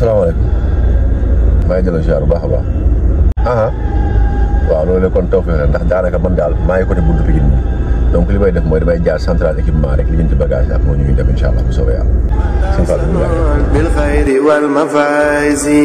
salaamaaleykum maa ngi jëloon ziar bu baax a baax aha waaw loolu kon taw fii ndax daanaka man daal maa ngi côté buntu bi gin donc li may def mooy damay jaar central équipement rek li jëm ci bagage ak moo ñu ngi dem incha allah bu soobee yàlla sëñ Fall bil xayri wal mafaasi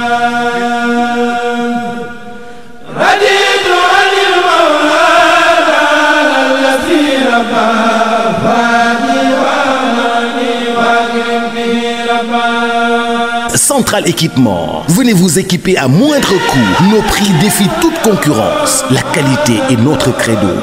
Central Équipement. Venez vous équiper à moindre coût. Nos prix défient toute concurrence. La qualité est notre credo.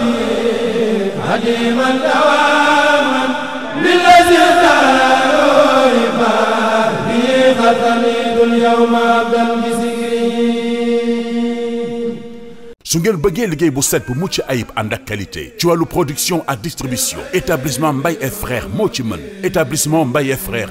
su ngeen bëggee liggéey bu set bu mucc ayib ànd ak qualité ci wàllu production ak distribution établissement Mbaye et frères moo ci mën établissement Mbaye et frères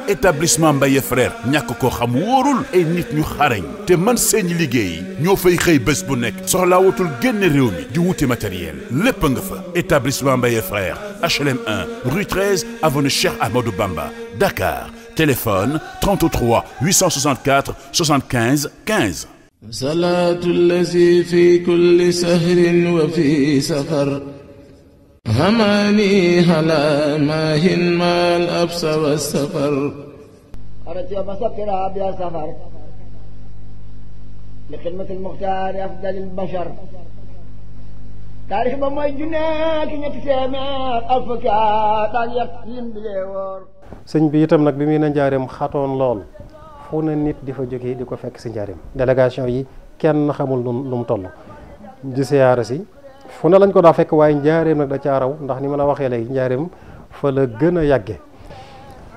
établissement Mbaye frère ñàkk ko xam wóorul ay nit ñu te man seeni liggéey ñoo fay xëy bés bu nekk soxlaa wutul génne réew mi di wuti matériel lépp nga fa établissement Mbaye frère HLM 1 rue 13 avenue Cheikh Amadou Bamba Dakar téléphone 33 864 75 15. salaatu fi kulli sahrin wa fi safar. هماني هلا ماهن ما الأبس والسفر أردت يوم سفرها بلا سفر لخدمة المختار أفضل البشر taarix ba mooy junneeg daal yàq lim bi lee woor bi itam nag bi muy na njaareem xatoon lool fu na nit di fa jógee di ko fekk si njaareem délégation yi kenn xamul nu mu di siyaara si fu ne lañ ko daa fekk waaye njaareem nag da caaraw ndax ni ma la waxee léegi njaareem fa la gën a yàgge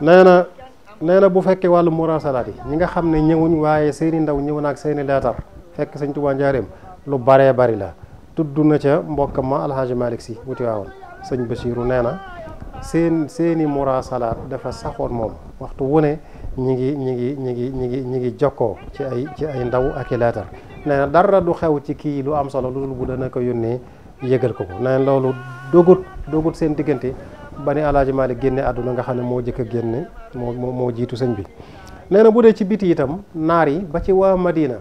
nee na nee na bu fekkee wàllu murasalaat yi ñi nga xam ne ñëwuñ waaye seeni ndaw ñëw na ak seeni leetar fekk sëñ Tuubaa njaareem lu baree bari la tuddu na ca mbokk ma alxaaji Malick si wuti waawoon sëñ Basiiru nee na seen seeni murasalaat dafa saxoon moom waxtu wu ne ñi ngi ñi ngi ñi ngi ñi ngi ñi ngi jokkoo ci ay ci ay ndaw ak i leetar nee na dara du xew ci kii lu am solo lu dul ko yónnee yëgal ko ko na loolu dogut dogut seen diggante ba ni Alaaji Maalik génne àdduna nga xam ne moo jëkk a génne moo moo jiitu sëñ bi nee na bu dee ci biti itam naar yi ba ci waa Madina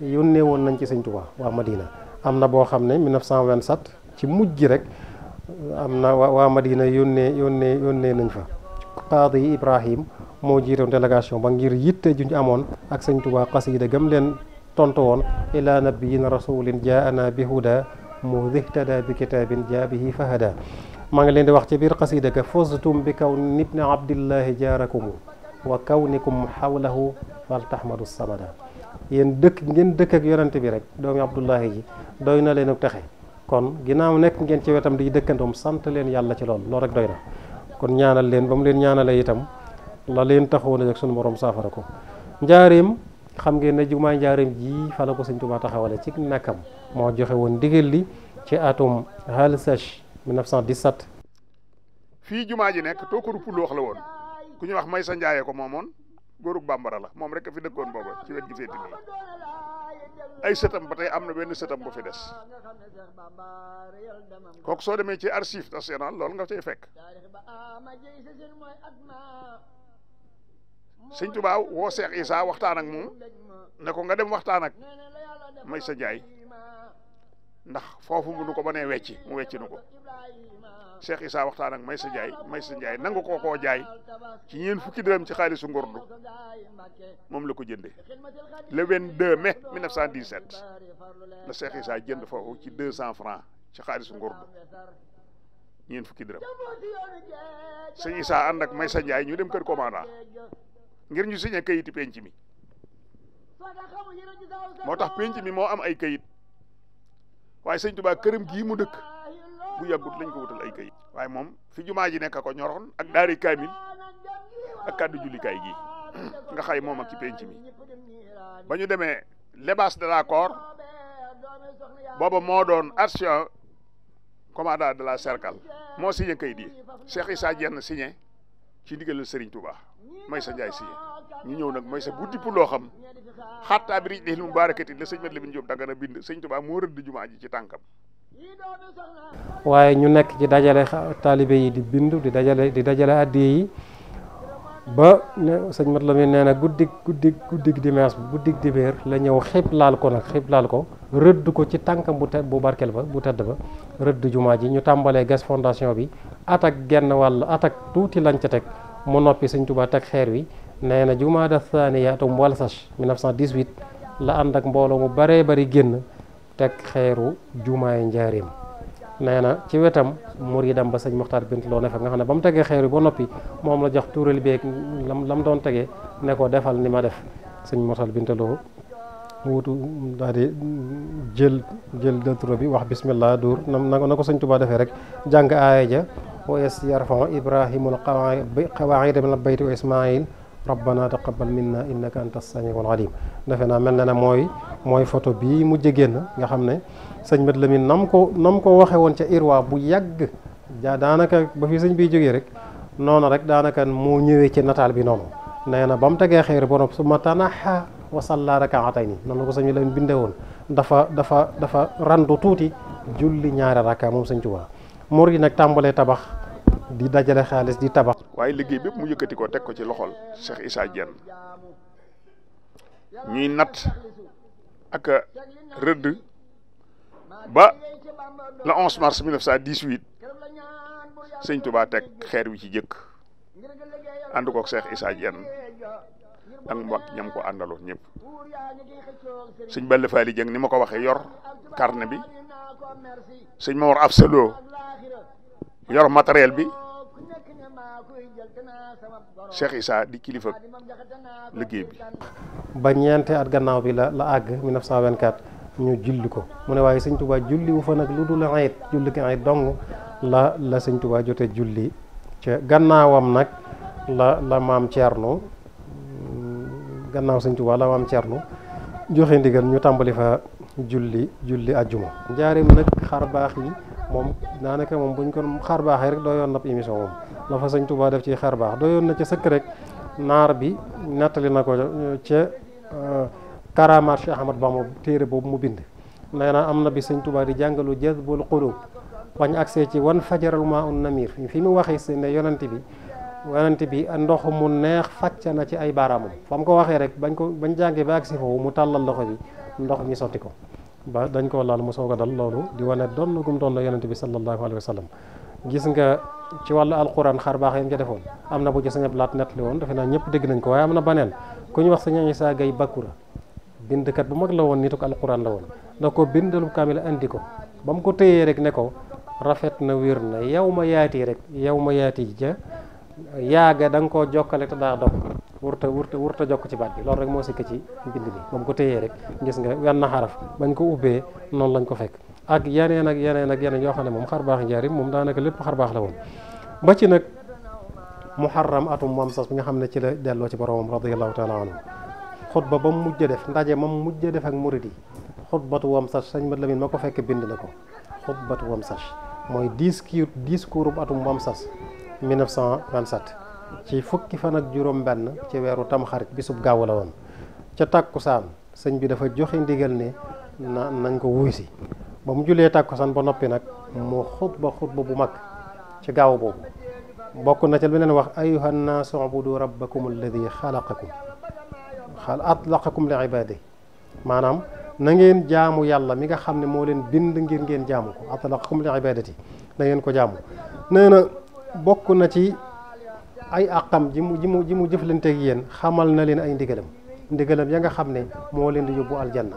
yónnee woon nañ ci sëñ Tuubaa waa Madina am na boo xam ne 1927 ci mujj gi rek am na waa Madina yónnee yónnee yónnee nañ fa qaadi Ibrahim moo jiitoon délégation ba ngir yitte ju ñu amoon ak sëñ Tuubaa xasida gëm leen tontu woon ilaa nabiyyin rasulin jaana bi huda mahmuud ihtada bi kitaabin jaabihi fahada maa ngi leen di wax ci biir xasida ka fostum bi kaw nib ni abdillahi jaarakum wa kawnikum xawlahu fal tahmadu samada yéen dëkk ngeen dëkk ak yonante bi rek doomi abdullahi ji doy na leen ak texe kon ginnaaw nekk ngeen ci wetam di dëkkandoom sant leen yàlla ci lool loolu rek doy na kon ñaanal leen ba mu leen ñaanalee itam la leen taxoon a ak sunu borom saafara ko njaareem xam ngeen ne jumaa njaaram ji fa la ko sëñ Tuubaa taxawale ci nakam moo joxe woon ndigal li ci atum halsach 1917 fii jumaa ji nekk tookaru puloox la woon ku ñu wax may sa njaayee ko moomoon góorug bambara la moom rek a fi dëkkoon booba ci wet gi féeti nii ay sëtam ba tey am na benn sëtam boo fi des kook soo demee ci archive national loolu nga cay fekk sëñ baaw woo Seex Isaa waxtaan ak moom ne ko nga dem waxtaan ak may sa jaay ndax foofu mu nu ko ba nee wecci mu wecci nu ko Seex Isaa waxtaan ak may sa jaay may sa jaay nangu ko jaay ci ñeen fukki dërëm ci xaalisu ngordu moom la ko jënde le 22 mai 1917 la Seex Isaa jënd foofu ci 200 francs ci xaalisu ngordu ñeen fukki dërëm sëñ Isaa ànd ak may sa jaay ñu dem kër commandant ngir ñu signé kayiti penc mi moo tax penc mi moo am ay kayit waaye sëñ Tuubaa këram gii mu dëkk bu yàggut lañ ko wutal ay kayit waaye moom fi jumaa ji nekk ko ñoroon ak daari kaamil ak kàddu jullikaay gi nga xay moom ak ci penc mi ba ñu demee lebaas de la corps booba moo doon ancien commandant de la cercale moo signé kayit yi Cheikh sa Diène signé ci ndigalal Serigne Touba Maysa Njaay si ñu ñëw nag Maysa bu dipp loo xam xattaa bi rij mu baarakati la sëñ mat la bin Jóob danga na bind sëñ Tuubaa moo rëdd jumaa ji ci tànkam waaye ñu nekk ci dajale taalibe yi di bind di dajale di dajale addiye yi ba sëñ mat la mi nee na guddig guddig guddig dimanche guddig dibéer la ñëw xib laal ko nag xib laal ko rëdd ko ci tànkam bu te bu barkel ba bu tedd ba rëdd jumaa ji ñu tàmbalee gas fondation bi atak genn wàll atak tuuti lañ ca teg mu noppi sëñ Tuubaa teg xeer wi nee na jumaada thaniya atum wala sach 1918 la ànd ak mbooloo mu baree bari génn teg xeeru jumaay njaareem nee na ci wetam muridam ba sëñ Moxtaar Bintu loo ne fa nga xam ne ba mu tegee xeer wi ba noppi moom la jox tuural beeg lam lam doon tegee ne ko defal ni ma def sëñ Moxtaar Bintu Lo wutu daal di jël jël dëturo bi wax bismillah duur na na ko sëñ Tuubaa defee rek jàng aaya ja wa is yarfau ibrahimul qawaida min albayti wa ismail rabbana taqabal minna innaka anta samiul alim defe naa mel na ne mooy mooy foto bii mu jegéen na nga xam ne sëñ mat lamin nam ko nam ko waxe woon ca irwa bu yàgg ja daanaka ba fi sëñ bi jógee rek noonu rek daanaka moo ñëwee ci nataal bi noonu nee na ba mu tegee xeer borom su ma tanaxa wasalla rakaatay nii noonu ko sëñ bi lamin binde woon dafa dafa dafa randu tuuti julli ñaari raka moom muur gi nag tàmbalee tabax di dajale xaalis di tabax. waaye liggéey bépp mu yëkkatikoo teg ko ci loxol Cheikh Issa Diène ñuy nat ak rëdd ba le 11 mars 1918 sëñ Touba teg xeer wi ci jëkk ànd koog Cheikh Issa Diène ak mbokk ñam ko àndaloo ñëpp sëñ Balla Faali Jëng ni ma ko waxee yor carnet bi sëñ Mor Absalo yor matériel bi Cheikh Issa di kilifa liggéey bi. ba ñeente at gannaaw bi la la àgg 1924 ñu julli ko mu ne waaye sëñ Touba julli wu fa nag lu dul ayit julli gi ayit dong la la sëñ Touba jotee julli ca gannaawam nag la la maam Thierno. gannaaw sëñ Tuubaa la maam Cerno joxe ndigal ñu tàmbali fa julli julli ajjuma njaareem nag xar baax yi moom daanaka moom buñ ko xar baaxee rek dooyoon na émission moom la fa sëñ Tuubaa def ci xar baax dooyoon na ca sëkk rek naar bi nettali na ko ca euh, karaamaat Cheikh Ahmad Bamba téere boobu mu bind nee na am na bi sëñ Tuubaa di jàngalu jazbul qulub bañ agsee ci wan fajaral maa un namir fi mu waxee si ne bi yonent bi ndox mu neex fàcc na ci ay baaraamam fa mu ko waxee rek bañ ko bañ jàngee ba agsi foofu mu tàllal loxo bi ndox mi sotti ko ba dañ koo laal mu soog a dal loolu di wane doll gum doll yonent bi sallallahu alayhi wa sallam gis nga ci wàllu alquran xar baax yam ca defoon am na bu ci sañab laat nettali woon defe naa ñëpp dégg nañ ko waaye am na baneen ku ñu wax sañu Isaa Gay Bakura bindkat bu mag la woon nitu ko alquran la woon da ko bindalu kaamil andi ko ba mu ko téyee rek ne ko rafet na wér na yow ma yaati rek yow ma yaati ja yaaga da nga koo jokkale te daa dog wurta wurta wurta jokk ci baat bi loolu rek moo sikk ci mbind bi moom ko téyee rek gis nga wenn xaraf bañ ko ubbee noonu lañ ko fekk ak yeneen ak yeneen ak yeneen yoo xam ne moom xar baax njaarim moom daanaka lépp xar baax la woon ba ci nag mu muharram atum moom sas bi nga xam ne ci la delloo ci boromam radiallahu taala anhu xutba ba mu mujj def ndaje ma mu mujj def ak murid yi xutbatu wam sas sañ ma Lamin ma ko fekk bind na ko xutbatu wam sas mooy discours discours bu atum wam sas 1927 ci fukki fan ak juróom-benn ci weeru tamxarit bisub gaaw la woon ca tàkkusaan sëñ bi dafa joxe ndigal ne na nañ ko wuy si ba mu julee tàkkusaan ba noppi nag mu xutba xutba bu mag ci gaaw boobu bokk na ca beneen wax ayuha nnaasu ubudu rabbakum alladi xalaqakum atlaqakum li ibaadi maanaam na ngeen jaamu yàlla mi nga xam ne moo leen bind ngir ngeen jaamu ko atlaqakum li ibaadati na ngeen ko jaamu nee na bokk na ci ay àqam ji mu ji mu ji mu jëflanteeg yéen xamal na leen ay ndigalam ndigalam ya nga xam ne moo leen di yóbbu aljanna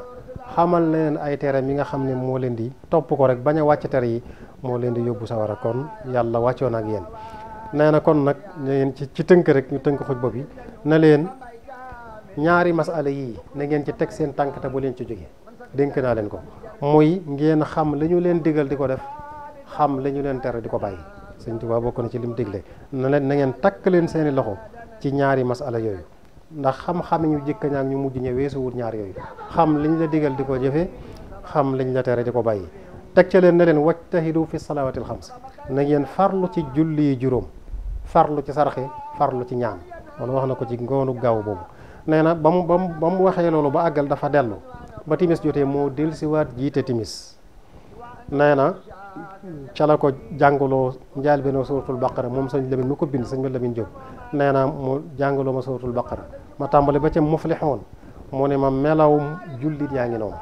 xamal na leen ay teram yi nga xam ne moo leen di topp ko rek bañ a wàcc tere yi moo leen di yóbbu sawara kon yàlla wàccoon ak yéen nee na kon nag ngeen ci ci tënk rek ñu tënk xutba bi na leen ñaari masala yii na ngeen ci teg seen tànk te bu leen ci jóge dénk naa leen ko muy ngeen xam la ñu leen digal di ko def xam la ñu leen tere di ko bàyyi sëñ Tuubaa bokk na ci lim digle na leen na ngeen takk leen seeni loxo ci ñaari masala yooyu ndax xam-xam ñu jëkk ñaak ñu mujj ñe weesuwut ñaar yooyu xam liñ la digal di ko jëfe xam liñ la tere di ko bàyyi teg ca leen ne leen wajtahidu fi salawaatil xams na ngeen farlu ci julli yi juróom farlu ci sarxe farlu ci ñaan loolu wax na ko ci ngoonu gaaw boobu nee na ba mu ba mu ba mu waxee loolu ba àggal dafa dellu ba timis jotee moo dellusiwaat jiite timis nee na ca la ko jàngaloo njaal benn suratul baqara moom sëñ Lamin mu ko bind sëñ ma Lamin Jóob nee na mu jàngaloo ma suratul baqara ma tàmbali ba ca muflixoon mu ne ma melaw jullit yaa ngi noonu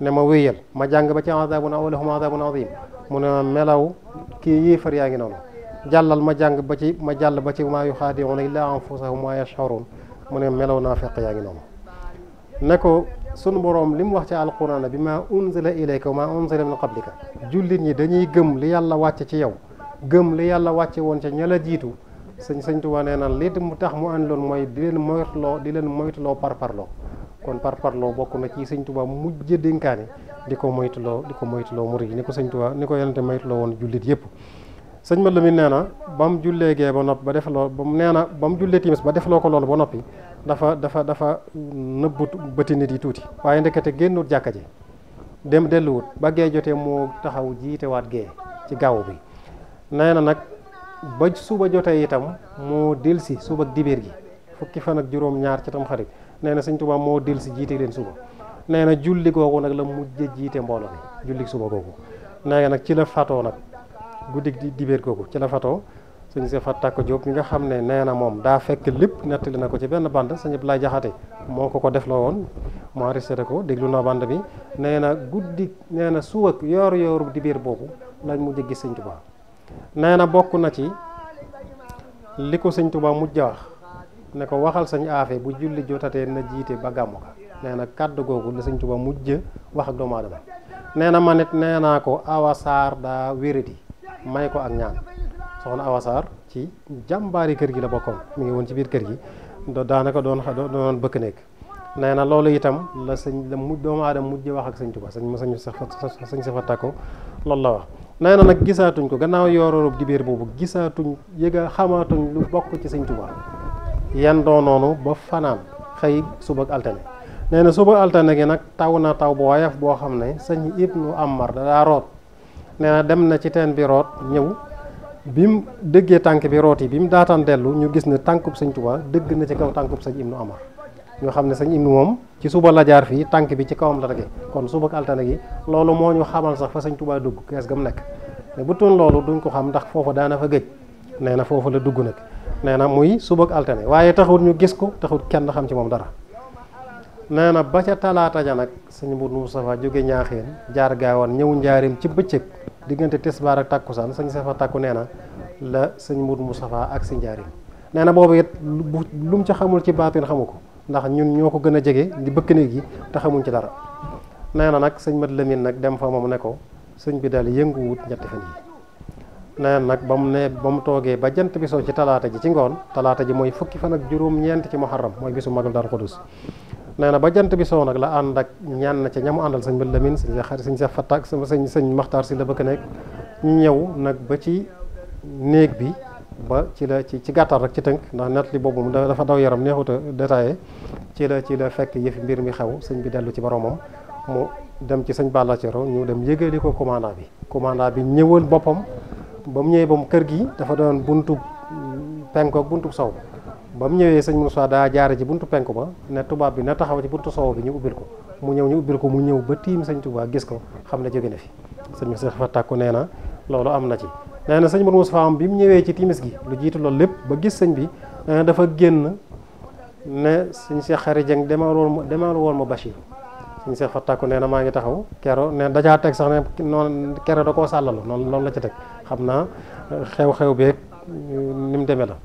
ne ma wéyal ma jàng ba ca azabun awlahum azabun azim mu ne ma melaw kii yéefar yaa ngi noonu jàllal ma jàng ba ci ma jàll ba ci maa yuxaadiuuna illaa anfusahum wa yashurun mu ne melaw naa feq yaa ngi noonu ne ko sunu boroom li mu wax ci alquran bi maa unzila ilayka maa unzila min qablika jullit ñi dañuy gëm li yàlla wàcce ci yow gëm li yàlla wàcce woon ca ñala la jiitu sëñ sëñ Tuubaa nee na li mu tax mu ànd loon mooy di leen moytuloo di leen moytuloo parparloo kon par par parparloo bokk na ci sëñ Tuubaa mujj dénkaani di ko moytuloo di ko moytuloo murid yi ni ko sëñ Tuubaa ni ko yonente moytuloo woon jullit yëpp sëñ Mat Lamin nee na ba mu jullee gee ba noppi ba def loo ba mu nee na ba mu jullee ba def loo ko loolu ba noppi dafa dafa dafa nëbbu bëti nit yi tuuti waaye ndekete génnut jàkka ji dem delluwut ba gee jotee moo taxaw jiitewaat gee ci gaaw bi nee na nag ba suba jotee itam moo delsi suba dibéer gi fukki fan ak juróom ñaar ci tam xarit nee na sëñ Tuubaa moo delsi jiite leen suba nee na julli googu nag la mujj jiite mbooloo mi julli suba googu nee na nag ci la fatoo nag guddi dibéer googu ci la fatoo sëñ fa Faat Tàkko bi nga xam ne nee na moom daa fekk lépp nettali na ko ci benn bande sëñ Ablaay Jaxate moo ko ko def la woon mu enregistré ko déglu na bande bi nee na guddi nee na suba yoor yooru di biir boobu lañ mujj gis sëñ Tuubaa nee na bokk na ci li ko sëñ Tuubaa mujj wax ne ko waxal sañ aafe bu julli jotatee na jiite ba gàmmu ka nee na kàddu googu la sëñ mujj wax ak doomu aadama nee na man it nee naa ko awasaar daa wéradi may ko ak ñaan soxna Awa Sarr ci jàmbaari kër gi la bokkoon mi ngi woon ci biir kër gi daanaka doon doon bëkk nekk nee na loolu itam la sëñ la mu doomu aadama mujj wax ak sëñ Tuubaa sëñ ma sañu sañ safa tàkko loolu la wax nee na nag gisaatuñ ko gannaaw yooroorub dibéer boobu gisaatuñ yëga xamaatuñ lu bokk ci sëñ Tuubaa yan doo noonu ba fanaan xëy suba ak altane nee na suba altane gi nag taw na taw bu woyof boo xam ne sëñ Ibnu Amar da daa root nee dem na ci teen bi root ñëw bi mu dëggee tànk bi rooti bi mu daataan dellu ñu gis ne tànkub sëñ Tuubaa dëgg na ci kaw tànkub sañ Ibnu Amar ñoo xam ne sëñ Ibnu moom ci suba la jaar fii tànk bi ci kawam la dage kon suba ak gi loolu moo ñu xamal sax fa sëñ Tuubaa dugg kees ga mu nekk bu toon loolu duñ ko xam ndax foofa daana fa gëj nee na foofa la dugg nag nee na muy suba ak waaye taxul ñu gis ko taxul kenn xam ci moom dara nee na ba ca talaata ja nag sëñ Mburu Moustapha jóge ñaaxeen jaar gaawoon ñëw njaarim ci bëccëg diggante tisbaar ak takkusaan sëñ Sefa takku nee na la sëñ mu Moustapha ak si njaari nee na boobu it lu mu ci xamul ci baatin xamu ko ndax ñun ñoo ko gën a jege di bëkk néeg yi te xamuñ ci dara nee na nag sëñ Mat Lamine nag dem fa moom ne ko sëñ bi dal yënguwut ñetti fan yi neen nag ba mu ne ba mu toogee ba jant bi soo ci talaata ji ci ngoon talaata ji mooy fukki fan ak juróom-ñeent ci muharram mooy bisu magal Daaru Xuddus nee na ba jant bi soow nag la ànd ak ñaan na ca ñamu àndal sëñ ba Lamin sëñ xarit sëñ Seex Fatak sëñ sëñ Maxtaar si la bëgg nekk ñu ñëw nag ba ci néeg bi ba ci la ci ci gàttal rek ci tënk ndax net li boobu dafa daw yaram neexut a détaillé ci la ci la fekk yëfi mbir mi xew sëñ bi dellu ci boromam mu dem ci sëñ Balla ñu dem yëgali ko commandant bi commandant bi ñëwal boppam ba mu ñëwee ba mu kër gi dafa doon buntu penkook buntu saw ba mu ñëwee sëñ Moussa daa jaare ci buntu penku ba ne tubaab bi na taxaw ci buntu sow bi ñu ubbil ko mu ñëw ñu ubbil ko mu ñëw ba tiim sëñ Touba gis ko xam ne jóge na fi sëñ Moussa Fatakku nee na loolu am na ci nee na sëñ Mor Moussa bi mu ñëwee ci timis gi lu jiitu loolu ba gis sëñ bi dafa génn ne sëñ Cheikh Xari Jeng demal woon ma demal woon ma Bachir sëñ nee na maa ngi taxaw kero dajaa teg sax ne noonu kero da koo sàllalu noonu loolu la ci teg xam naa xew-xew beek ni mu demee la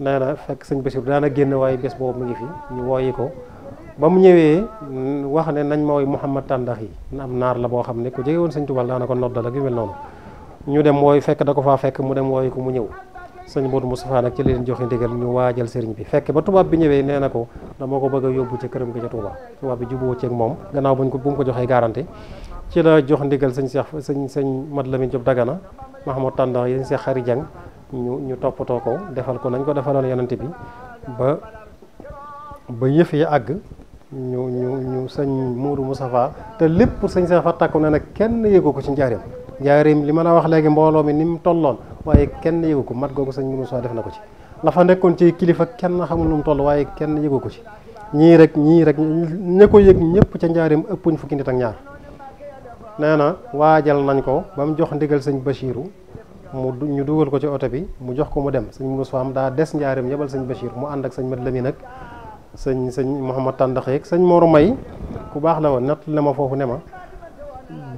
nee na fekk sëñ Basiru daana génn waaye bés boobu mu ngi fi ñu wooyi ko ba mu ñëwee mm, wax ne nañ ma woy Mouhamad Tàndax yi am naar la boo xam ne ku jege woon sëñ Tuubaa daana ko noddal ak yu mel noonu ñu dem wooy fekk da ko faa fekk mu dem wooyi ko mu ñëw sëñ Modou Moustapha nag ci leen joxe ndigal ñu waajal sëriñ bi fekk ba tubaab bi ñëwee nee na ko dama ko bëgg a yóbbu ca këram ga ca Tuubaa tubaab bi juboo ceeg moom gannaaw buñ ko bu mu ko joxee garanti ci la jox ndigal sëñ Cheikh sëñ sëñ Mat Lamin Jóob Dagana Mahamad Tàndax yi sëñ Cheikh Xari Jang ñu ñu toppatoo ko defal ko nañ ko defaloon yonent bi ba ba yëf yi àgg ñu ñu ñu sëñ Mourou Moustapha te lépp sëñ Safa takku na nag kenn yëgu ko ci njaareem njaareem li ma la wax léegi mbooloo mi ni mu tolloon waaye kenn yëgu ko mat googu sëñ Mourou Moustapha def na ko ci la fa nekkoon ci kilifa kenn xamul nu mu toll waaye kenn yëgu ko ci ñii rek ñii rek ña ko yëg ñëpp ca njaareem ëppuñ fukki nit ak ñaar nee na waajal nañ ko ba mu jox ndigal sëñ Bachirou mu ñu dugal ko ci oto bi mu jox ko mu dem sëñ Moussa am daa des njaareem yebal sëñ Bachir mu ànd ak sëñ Mat Lamin nag sañ sëñ Mouhamad Tàndax sañ sëñ Mor May ku baax la woon natt la ma foofu ne ma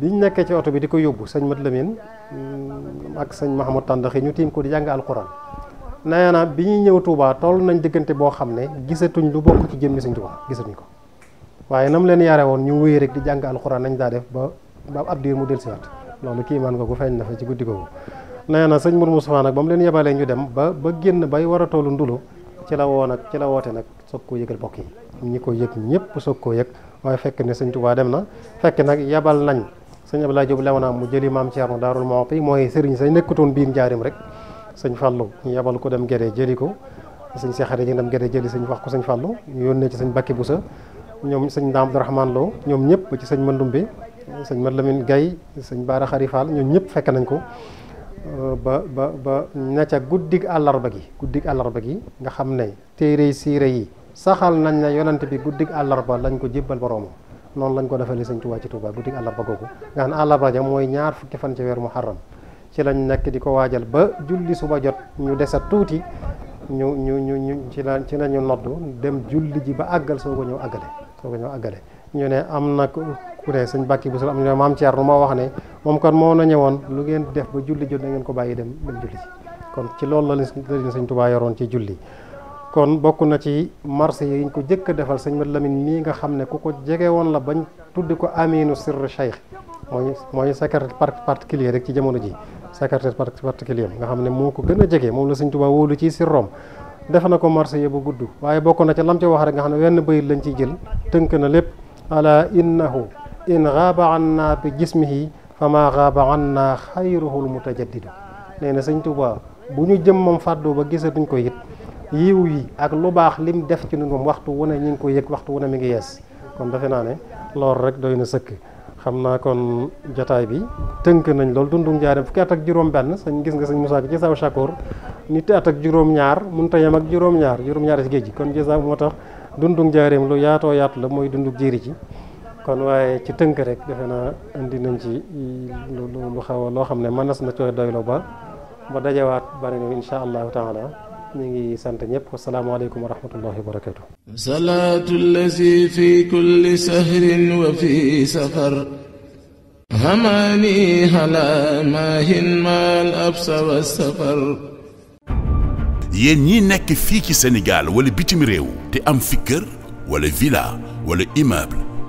biñ nekkee ci oto bi di ko yóbbu sëñ Mat Lamin mm, ak sëñ Mouhamad Tàndax ñu tiim ko di jàng alquran. nee na bi ñuy ñëw Touba toll nañ diggante boo xam ne gisatuñ lu bokk ci jëmmi sëñ Touba gisatuñ ko waaye nam leen yaare woon ñu wéy rek di jàng alquran nañ daa def ba ba ab diir mu dellusiwaat loolu kii man nga ko feeñ na fa ci guddi googu nee na sëñ Mour Moustapha nag ba mu leen yebalee ñu dem ba ba génn bay war a toolu ndulu ci la woo nag ci la woote nag soog koo yëgal bokk yi ñu ko yëg ñëpp soog koo yëg waaye fekk ne sëñ Touba dem na fekk nag yebal nañ sëñ Abdoulaye Diop Léona mu jëli maam Thierno Darou Mouhty mooy sëriñ sañ nekkutoon biir njaarim rek sëñ Fallou ñu yebal ko dem Gédé jëli ko sëñ Seexare ji dem Gédé jëli sëñ wax ko sëñ Fallou ñu yónnee ci sëñ Bakki Boussa ñoom sëñ Ndam Abdourahmane Lo ñoom ñëpp ci sëñ Mandoumbe sëñ Madlamine Gaye sëñ Baara Xari Fall ñoom ñëpp fekk nañ ko Euh, ba ba ba na ca guddig àllarba gi guddig àllarba gi nga xam ne téere siire yi saxal nañ ne yonant bi guddig àllarba lañ ko jébbal boroomam noonu lañ ko defalee sëñ Tuubaa ci Tuubaa guddig àllarba googu nga xam ne àllarba ja mooy ñaar fukki fan ci weer muharram ci lañ nekk di ko waajal ba julli suba jot ñu desa tuuti ñu ñu ñu ñu ci la ci la ñu noddu dem julli ji ba àggal soo ko ñëw àggale soo ko ñëw àggale ñu ne am na ku ne sëñ Bàkki Bousso am ñu ne maam Thierno moo wax ne moom kon moo na ñëwoon lu ngeen def ba julli jot na ngeen ko bàyyi dem dem julli kon ci loolu la leen sëñ Touba yoroon ci julli kon bokk na ci marché yi ñu ko jëkk a defal sëñ Mat Lamin nga xam ne ku ko jege woon la bañ tuddi ko aminu sirr cheikh mooy mooy secrétaire particulier rek ci jamono ji secrétaire particulier nga xam ne moo ko gën a jege moom la sëñ Touba wóolu ci sirrom def na ko marché yi bu gudd waaye bokk na ci lam ci wax rek nga xam ne wenn bayit lañ ciy jël tënk na lépp ala innahu naa in gaaba anna bi jismihi fa ma gaaba anna xayruhul mutajaddidu nee na sëñ Tuubaa bu ñu jëmmam fàddu ba duñ ko yit yiw yi ak lu baax lim def ci nun moom waxtu wu ne ñu ngi ko yëg waxtu wu ne mi ngi yees kon defe naa ne loolu rek doy na sëkk xam naa kon jataay bi tënk nañ lool dundug njaarem fukki at ak juróom benn sañ gis nga sëñ Moussa ci saw Chakour nit at ak juróom ñaar mun ta yem ak juróom ñaar juróom ñaar ci géej gi kon jësa moo tax dundug njaareem lu yaatoo yaatu la mooy dundug jiiri ci kon waaye ci tënk rek defe naa indi nañ ci lu xaw a loo xam ne mënees na cooy doylu ba ba dajewaat bari na insha allahu taala ñu ngi sant ñëpp wasalaamaaleykum wa rahmatullahi wa barakatu salaatu allazi fi kulli sahrin wa fi safar hamani hala maahin maal absa wa safar yéen ñii nekk fii ci Sénégal wala bitim réew te am fi kër wala villa wala immeuble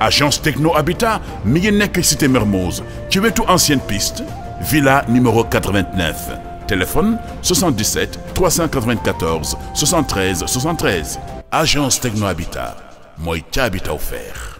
agence techno habitat mi ngi nekk cité Mermoz ci wetu ancienne piste villa numéro 89 téléphone 77 394 73 73 agence techno habitat mooy ca habitat offert